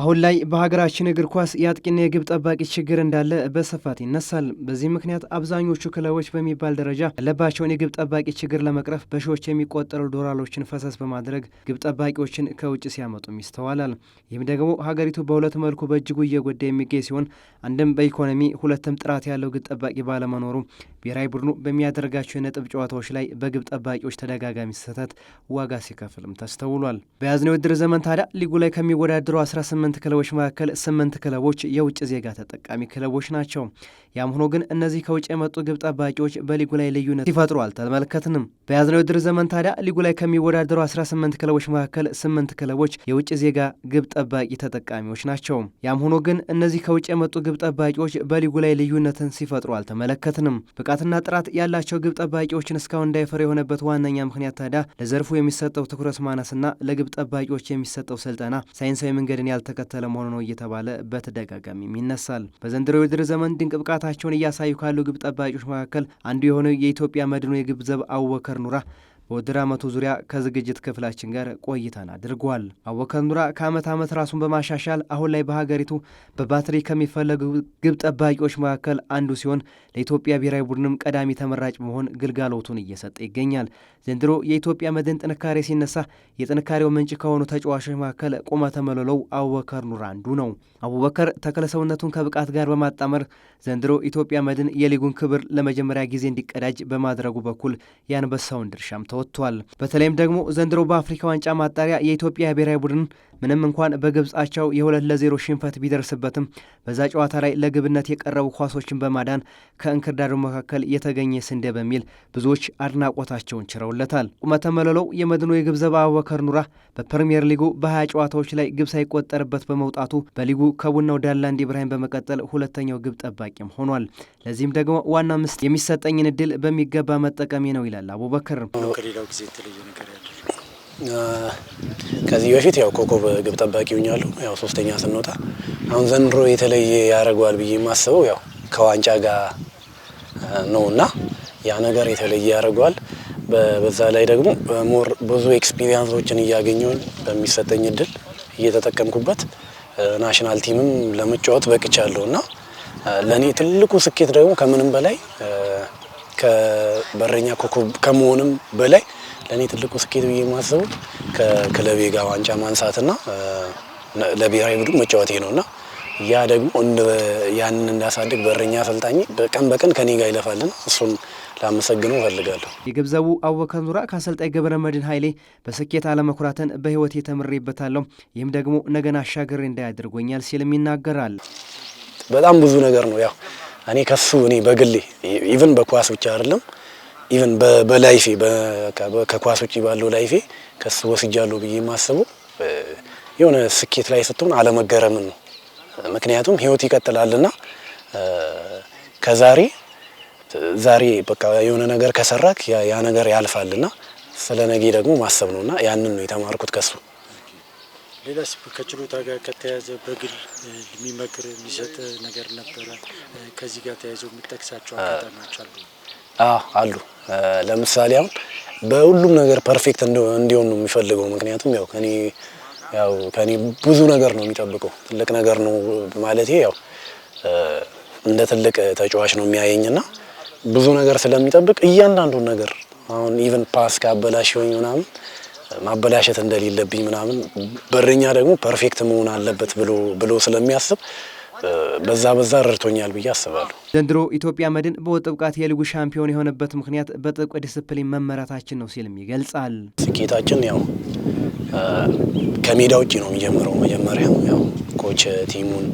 አሁን ላይ በሀገራችን እግር ኳስ የአጥቂና የግብ ጠባቂ ችግር እንዳለ በስፋት ይነሳል። በዚህ ምክንያት አብዛኞቹ ክለቦች በሚባል ደረጃ ያለባቸውን የግብ ጠባቂ ችግር ለመቅረፍ በሺዎች የሚቆጠሩ ዶላሮችን ፈሰስ በማድረግ ግብ ጠባቂዎችን ከውጭ ሲያመጡም ይስተዋላል። ይህም ደግሞ ሀገሪቱ በሁለት መልኩ በእጅጉ እየጎዳ የሚገኝ ሲሆን አንድም በኢኮኖሚ ሁለትም ጥራት ያለው ግብ ጠባቂ ባለመኖሩ ብሔራዊ ቡድኑ በሚያደርጋቸው የነጥብ ጨዋታዎች ላይ በግብ ጠባቂዎች ተደጋጋሚ ስህተት ዋጋ ሲከፍልም ተስተውሏል። በያዝነው ውድድር ዘመን ታዲያ ሊጉ ላይ ከሚወዳደሩ 18 ስምንት ክለቦች መካከል ስምንት ክለቦች የውጭ ዜጋ ተጠቃሚ ክለቦች ናቸው። ያም ሆኖ ግን እነዚህ ከውጭ የመጡ ግብ ጠባቂዎች በሊጉ ላይ ልዩነት ሲፈጥሩ አልተመለከትንም። በያዝነው የውድድር ዘመን ታዲያ ሊጉ ላይ ከሚወዳደሩ 18 ክለቦች መካከል ስምንት ክለቦች የውጭ ዜጋ ግብ ጠባቂ ተጠቃሚዎች ናቸው። ያም ሆኖ ግን እነዚህ ከውጭ የመጡ ግብ ጠባቂዎች በሊጉ ላይ ልዩነትን ሲፈጥሩ አልተመለከትንም። ብቃትና ጥራት ያላቸው ግብ ጠባቂዎችን እስካሁን እንዳይፈሩ የሆነበት ዋነኛ ምክንያት ታዲያ ለዘርፉ የሚሰጠው ትኩረት ማነስና ለግብ ጠባቂዎች የሚሰጠው ስልጠና ሳይንሳዊ መንገድን ያልተ የተከተለ መሆኑ ነው እየተባለ በተደጋጋሚም ይነሳል። በዘንድሮ የውድድር ዘመን ድንቅ ብቃታቸውን እያሳዩ ካሉ ግብ ጠባቂዎች መካከል አንዱ የሆነው የኢትዮጵያ መድኖ የግብ ዘብ አቡበከር ኑራ ዓመቱ ዙሪያ ከዝግጅት ክፍላችን ጋር ቆይታን አድርጓል። አቡበከር ኑራ ከዓመት ዓመት ራሱን በማሻሻል አሁን ላይ በሀገሪቱ በባትሪ ከሚፈለጉ ግብ ጠባቂዎች መካከል አንዱ ሲሆን ለኢትዮጵያ ብሔራዊ ቡድንም ቀዳሚ ተመራጭ መሆን ግልጋሎቱን እየሰጠ ይገኛል። ዘንድሮ የኢትዮጵያ መድን ጥንካሬ ሲነሳ የጥንካሬው ምንጭ ከሆኑ ተጫዋቾች መካከል ቁመተ መለሎው አቡበከር ኑራ አንዱ ነው። አቡበከር ተክለሰውነቱን ከብቃት ጋር በማጣመር ዘንድሮ ኢትዮጵያ መድን የሊጉን ክብር ለመጀመሪያ ጊዜ እንዲቀዳጅ በማድረጉ በኩል ያንበሳውን ድርሻም ተወጥቷል። በተለይም ደግሞ ዘንድሮ በአፍሪካ ዋንጫ ማጣሪያ የኢትዮጵያ ብሔራዊ ቡድን ምንም እንኳን በግብጻቸው የሁለት ለዜሮ ሽንፈት ቢደርስበትም በዛ ጨዋታ ላይ ለግብነት የቀረቡ ኳሶችን በማዳን ከእንክርዳዱ መካከል የተገኘ ስንዴ በሚል ብዙዎች አድናቆታቸውን ችረውለታል። ቁመተ መለሎው የመድኑ የግብዘባ አቡበከር ኑራ በፕሪምየር ሊጉ በሀያ ጨዋታዎች ላይ ግብ ሳይቆጠርበት በመውጣቱ በሊጉ ከቡናው ዳላንድ ኢብራሂም በመቀጠል ሁለተኛው ግብ ጠባቂም ሆኗል። ለዚህም ደግሞ ዋና ምስት የሚሰጠኝን እድል በሚገባ መጠቀሜ ነው ይላል አቡበከር ከሌላው ጊዜ የተለየ ነገር ያደረገው? ከዚህ በፊት ያው ኮከብ ግብ ጠባቂ ሆኛለሁ፣ ያው ሶስተኛ ስንወጣ። አሁን ዘንድሮ የተለየ ያደርገዋል ብዬ የማስበው ያው ከዋንጫ ጋር ነው እና ያ ነገር የተለየ ያደርገዋል። በዛ ላይ ደግሞ ሞር ብዙ ኤክስፒሪያንሶችን እያገኘውን በሚሰጠኝ እድል እየተጠቀምኩበት ናሽናል ቲምም ለመጫወት በቅቻለሁ እና ለእኔ ትልቁ ስኬት ደግሞ ከምንም በላይ ከበረኛ ኮከብ ከመሆንም በላይ ለእኔ ትልቁ ስኬት ብዬ የማስበው ከክለቤ ጋር ዋንጫ ማንሳትና ለብሔራዊ ቡድን መጫወቴ ነው እና ያ ደግሞ ያንን እንዳሳድግ በረኛ አሰልጣኝ በቀን በቀን ከኔ ጋር ይለፋልና እሱን ላመሰግነው እፈልጋለሁ። የግብዘቡ አወከን ዙራ ከአሰልጣኝ ገብረ መድን ኃይሌ በስኬት አለመኩራተን በህይወት የተምሬበታለሁ፣ ይህም ደግሞ ነገን አሻገሬ እንዳያደርጎኛል ሲልም ይናገራል። በጣም ብዙ ነገር ነው ያው እኔ ከሱ እኔ በግሌ ኢቭን በኳስ ብቻ አይደለም ኢቭን በላይፌ ከኳስ ውጭ ባለው ላይፌ ከሱ ወስጃለሁ ብዬ የማስበው የሆነ ስኬት ላይ ስትሆን አለመገረምን ነው። ምክንያቱም ህይወት ይቀጥላልና ከዛሬ ዛሬ በቃ የሆነ ነገር ከሰራክ ያ ነገር ያልፋልና ስለ ነገ ደግሞ ማሰብ ነውና ያንን ነው የተማርኩት ከሱ። ሌላ ከችሎታ ጋር ከተያያዘ በግል የሚመክር የሚሰጥ ነገር ነበረ። ከዚህ ጋር ተያይዘው የምጠቅሳቸው አጋጣሚዎች አሉ አሉ። ለምሳሌ አሁን በሁሉም ነገር ፐርፌክት እንዲሆን ነው የሚፈልገው። ምክንያቱም ያው ከኔ ያው ከኔ ብዙ ነገር ነው የሚጠብቀው። ትልቅ ነገር ነው ማለት ያው እንደ ትልቅ ተጫዋች ነው የሚያየኝ እና ብዙ ነገር ስለሚጠብቅ እያንዳንዱን ነገር አሁን ኢቨን ፓስ ካበላሽ ሆኝ ምናምን ማበላሸት እንደሌለብኝ ምናምን በረኛ ደግሞ ፐርፌክት መሆን አለበት ብሎ ስለሚያስብ በዛ በዛ ረድቶኛል ብዬ አስባለሁ። ዘንድሮ ኢትዮጵያ መድን በወጥ ብቃት የሊጉ ሻምፒዮን የሆነበት ምክንያት በጥብቅ ዲስፕሊን መመራታችን ነው ሲልም ይገልጻል። ስኬታችን ያው ከሜዳ ውጭ ነው የሚጀምረው። መጀመሪያ ያው ኮች ቲሙን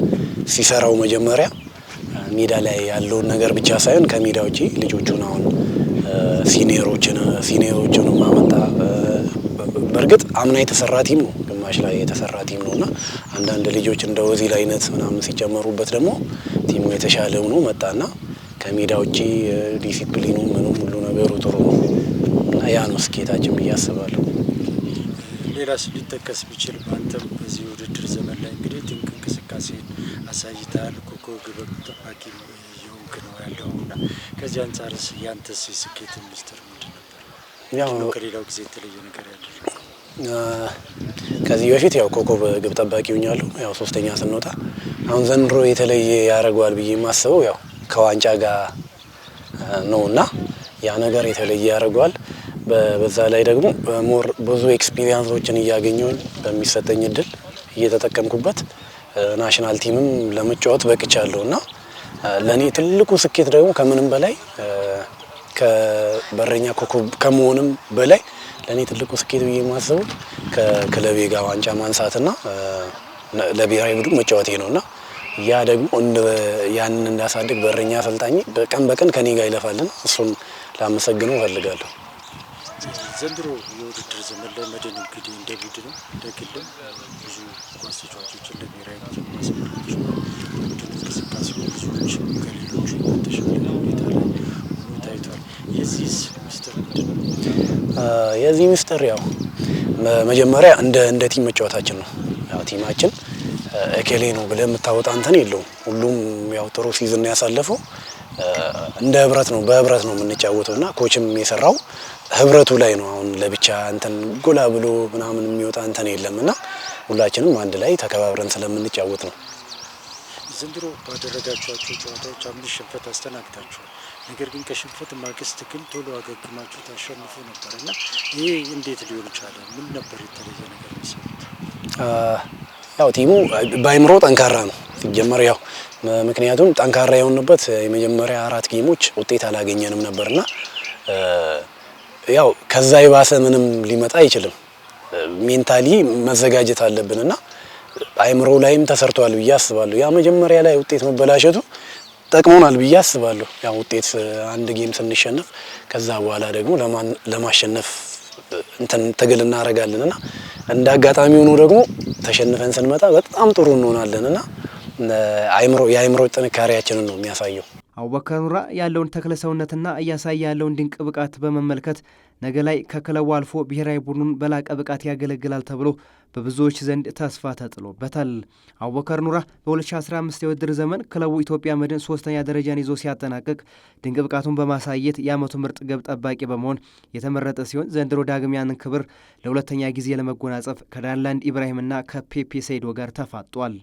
ሲሰራው መጀመሪያ ሜዳ ላይ ያለውን ነገር ብቻ ሳይሆን ከሜዳ ውጭ ልጆቹን አሁን ሲኒየሮችን ሲኒየሮችን ማመጣ በእርግጥ አምና የተሰራ ቲም ነው፣ ግማሽ ላይ የተሰራ ቲም ነው እና አንዳንድ ልጆች እንደ ወዚል አይነት ምናምን ሲጨመሩበት ደግሞ ቲሙ የተሻለ ሆኖ መጣና ከሜዳ ውጪ ዲሲፕሊኑ ምኑ ሁሉ ነገሩ ጥሩ ነው እና ያ ነው ስኬታችን ብዬ አስባለሁ። ሌላስ ሊጠቀስ ቢችል በአንተም በዚህ ውድድር ዘመን ላይ እንግዲህ ድንቅ እንቅስቃሴን አሳይተሃል። ኮከብ ግብ ጠባቂ የሆንክ ነው ያለው እና ከዚህ አንጻርስ ያንተስ የስኬት ሚስጥር ምንድን ነበር? ያው ከሌላው ጊዜ የተለየ ነገር ያደረገው ከዚህ በፊት ያው ኮከብ ግብ ጠባቂ ሆኛለሁ። ያው ሶስተኛ ስንወጣ አሁን ዘንድሮ የተለየ ያደርገዋል ብዬ የማስበው ያው ከዋንጫ ጋር ነው እና ያ ነገር የተለየ ያደርገዋል። በዛ ላይ ደግሞ ሞር ብዙ ኤክስፒሪያንሶችን እያገኘውን በሚሰጠኝ እድል እየተጠቀምኩበት ናሽናል ቲምም ለመጫወት በቅቻለሁ እና ለእኔ ትልቁ ስኬት ደግሞ ከምንም በላይ ከበረኛ ኮከብ ከመሆንም በላይ ለእኔ ትልቁ ስኬት ብዬ የማስበው ከክለቤ ጋር ዋንጫ ማንሳትና ለብሔራዊ ቡድን መጫወቴ ነው እና ያ ደግሞ ያንን እንዳሳድግ በረኛ አሰልጣኝ በቀን በቀን ከኔ ጋር ይለፋልና እሱን ላመሰግነው እፈልጋለሁ። ዘንድሮ የውድድር ዘመን ላይ መድን እንግዲህ እንደ ቡድንም እንደ ግልም ብዙ ኳስ ተጫዋቾች እንደ ብሔራዊ ቡድን ማስመራቸው ቡድን እንቅስቃሴ ብዙዎች ከሌሎች የተሻለ ሁኔታ ላይ ሆኖ ታይቷል። የዚህስ የዚህ ምስጥር ያው መጀመሪያ እንደ እንደ ቲም መጫወታችን ነው። ያው ቲማችን እከሌ ነው ብለህ የምታወጣ እንትን የለውም። ሁሉም ያው ጥሩ ሲዝን ያሳለፈው እንደ ህብረት ነው፣ በህብረት ነው የምንጫወተው እና ኮችም የሰራው ህብረቱ ላይ ነው። አሁን ለብቻ እንትን ጎላ ብሎ ምናምን የሚወጣ እንትን የለም እና ሁላችንም አንድ ላይ ተከባብረን ስለምንጫወት ነው። ዘንድሮ ባደረጋችኋቸው ጨዋታዎች አምስት ሽንፈት አስተናግታችኋል። ነገር ግን ከሽንፈት ማግስት ግን ቶሎ አገግማችሁ ታሸንፉ ነበር እና ይህ እንዴት ሊሆን ይቻለ? ምን ነበር የተለየ ነገር ያው ቲሙ በአይምሮ ጠንካራ ነው ሲጀመር ያው ምክንያቱም ጠንካራ የሆንበት የመጀመሪያ አራት ጌሞች ውጤት አላገኘንም ነበርና ያው ከዛ የባሰ ምንም ሊመጣ አይችልም። ሜንታሊ መዘጋጀት አለብንና አይምሮ ላይም ተሰርቷል ብዬ አስባለሁ። ያ መጀመሪያ ላይ ውጤት መበላሸቱ ጠቅሞናል ብዬ አስባለሁ። ያው ውጤት አንድ ጌም ስንሸነፍ ከዛ በኋላ ደግሞ ለማሸነፍ እንትን ትግል እናደርጋለን እና እንደ አጋጣሚ ሆኖ ደግሞ ተሸንፈን ስንመጣ በጣም ጥሩ እንሆናለን እና የአይምሮ ጥንካሬያችንን ነው የሚያሳየው። አቡበከር ኑራ ያለውን ተክለ ሰውነትና እያሳየ ያለውን ድንቅ ብቃት በመመልከት ነገ ላይ ከክለቡ አልፎ ብሔራዊ ቡድኑን በላቀ ብቃት ያገለግላል ተብሎ በብዙዎች ዘንድ ተስፋ ተጥሎበታል። አቡበከር ኑራ በ2015 የውድድር ዘመን ክለቡ ኢትዮጵያ መድን ሶስተኛ ደረጃን ይዞ ሲያጠናቅቅ ድንቅ ብቃቱን በማሳየት የዓመቱ ምርጥ ግብ ጠባቂ በመሆን የተመረጠ ሲሆን ዘንድሮ ዳግም ያንን ክብር ለሁለተኛ ጊዜ ለመጎናጸፍ ከዳንላንድ ኢብራሂምና ከፔፔ ሰይዶ ጋር ተፋጧል።